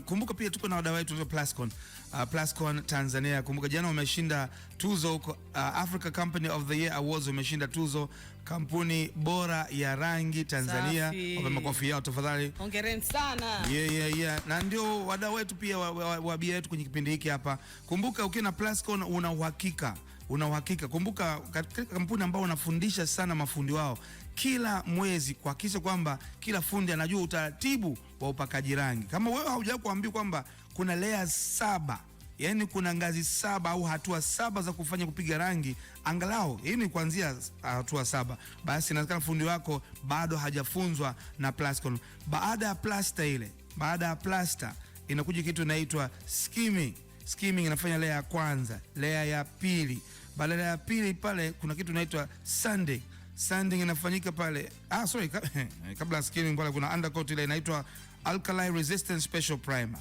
kumbuka pia tuko na wadau wetu wa Plascon. Uh, Plascon Tanzania. Kumbuka jana wameshinda tuzo huko uh, Africa Company of the Year Awards wameshinda tuzo kampuni bora ya rangi Tanzania. Wape makofi yao tafadhali. Hongereni sana. Yeah, yeah, yeah. Na ndio wadau wetu pia wa, wa, wa bia yetu kwenye kipindi hiki hapa. Kumbuka ukiwa na Plascon una uhakika una uhakika. Kumbuka katika kampuni ambao wanafundisha sana mafundi wao kila mwezi kuhakikisha kwamba kila fundi anajua utaratibu wa upakaji rangi. Kama wewe haujawahi kuambiwa kwamba kuna lea saba, yaani kuna ngazi saba au hatua saba za kufanya kupiga rangi, angalau hii ni kuanzia hatua saba, basi inawezekana fundi wako bado hajafunzwa na Plascon. Baada ya plasta ile, baada ya plasta inakuja kitu inaitwa skimming skimming inafanya layer ya kwanza, layer ya pili. Badala ya pili pale kuna kitu inaitwa sanding. Sanding inafanyika pale. Ah, sorry, kabla skimming pale kuna undercoat ile inaitwa alkali resistant special primer.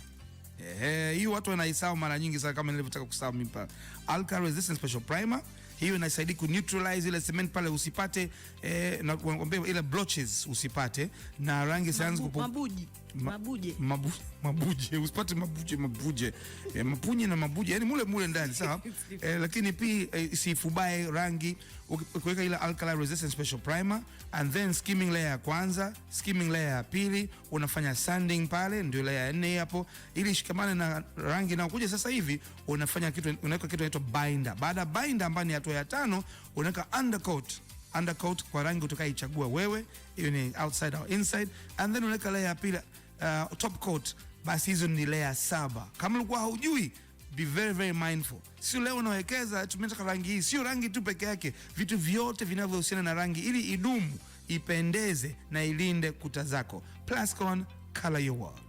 Eh, hii watu wanaisahau mara nyingi sana, kama nilivyotaka kusahau mimi pale. Alkali resistant special primer hiyo inasaidia ku neutralize ile cement pale usipate eh, na kuambia ile blotches usipate na rangi sianze kupu mabuji mabuje mabuje mabuje usipate mabuje mabuje e, eh, mapunye na mabuje yani mule mule ndani sawa e, lakini pia e, eh, sifubae rangi kuweka ile alkali resistant special primer and then skimming layer ya kwanza, skimming layer ya pili, unafanya sanding pale, ndio layer ya nne hapo, ili shikamane na rangi na kuja. Sasa hivi unafanya kitu, unaweka kitu inaitwa binder. Baada binder ambayo hatua ya tano unaweka undercoat undercoat kwa rangi utakayochagua wewe, hiyo ni outside au inside, and then unaweka layer ya pili uh, top coat. Basi hizo ni layer saba. Kama ulikuwa haujui, be very very mindful. Sio leo unawekeza, tumetaka rangi hii, sio rangi tu peke yake, vitu vyote vinavyohusiana na rangi, ili idumu, ipendeze na ilinde kuta zako. Plascon, color your world.